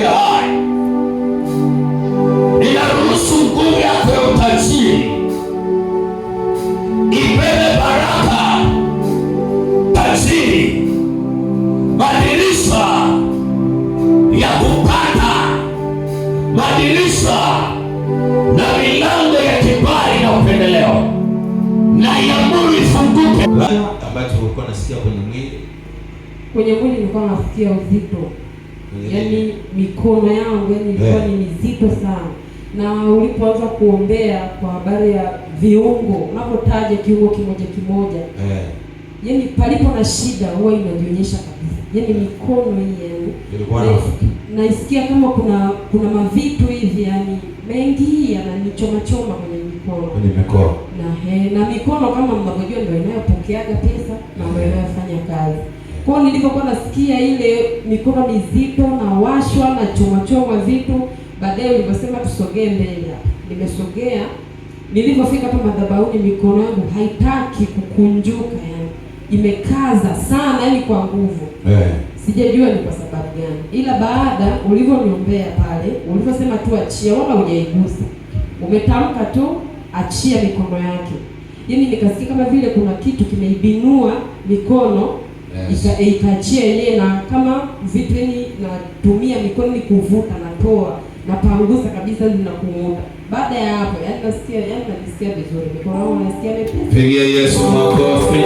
aliye hai. Ninaruhusu nguvu yako ya utajiri ibebe baraka, tajiri, madirisha ya kupata, madirisha na milango ya kibali na upendeleo na iamuru ifunguke. Ambacho ulikuwa unasikia kwenye mwili, kwenye mwili nilikuwa nasikia uzito yani mikono yangu yani ilikuwa eh. ni mizito sana, na ulipoanza kuombea kwa habari ya viungo, unapotaja kiungo kimoja kimoja, eh. yani palipo na shida huwa inajionyesha kabisa, yani eh. mikono hii yaani naisikia kama kuna kuna mavitu hivi yani mengi yananichoma choma kwenye mikono mikono na, he, na mikono kama mnavyojua ndio inayopokeaga pesa na ndio inayofanya kazi kwa hiyo nasikia ile mikono mizito na washwa na choma choma vitu, baadaye ulivyosema tusogee mbele hapa, nimesogea. Nilivyofika hapa madhabahuni, mikono yangu haitaki kukunjuka, yani imekaza sana, yani kwa nguvu yeah. Sijajua ni kwa sababu gani, ila baada ulivyoniombea pale, ulivyosema tu achia, wala hujaigusa, umetamka tu achia mikono yake, yani nikasikia kama vile kuna kitu kimeibinua mikono yes. Ikaachia yenyewe, na kama vitu natumia mikono kuvuta, natoa napangusa kabisa, ninakuona. Baada ya hapo, yani nasikia, yani vizuri, mikono yangu nasikia mepesi. Pigia Yesu makofi.